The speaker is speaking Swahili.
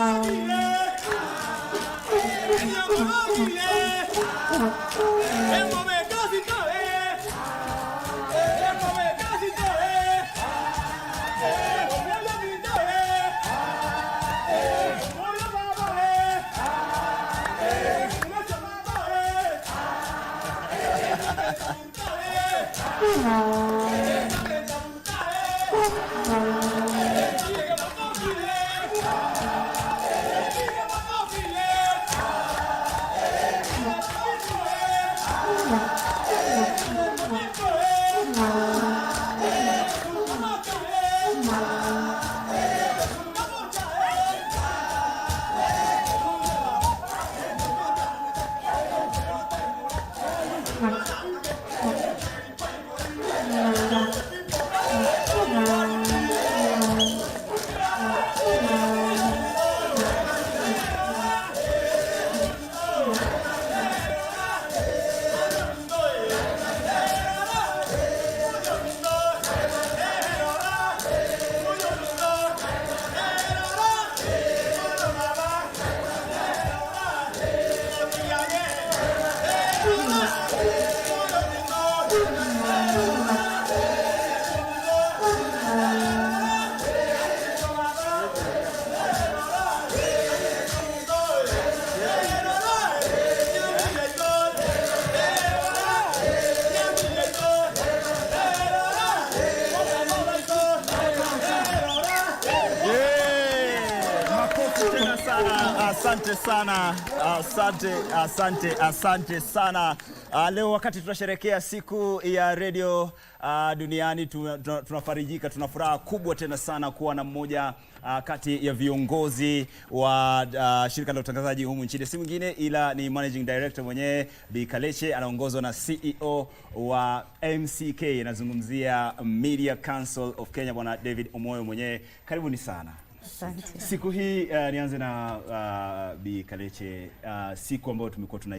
Oh. Música Ah, asante sana, asante, asante, asante sana. Uh, leo wakati tunasherehekea siku ya redio uh, duniani tunafarijika, tuna furaha kubwa tena sana kuwa na mmoja uh, kati ya viongozi wa uh, shirika la utangazaji humu nchini, si mwingine ila ni managing director mwenyewe Bi Kaleche, anaongozwa na CEO wa MCK, anazungumzia Media Council of Kenya, bwana David Omoyo mwenyewe. Karibuni sana. Asante. Siku hii uh, nianze na uh, Bi Kaleche uh, siku ambayo tumekuwa tuna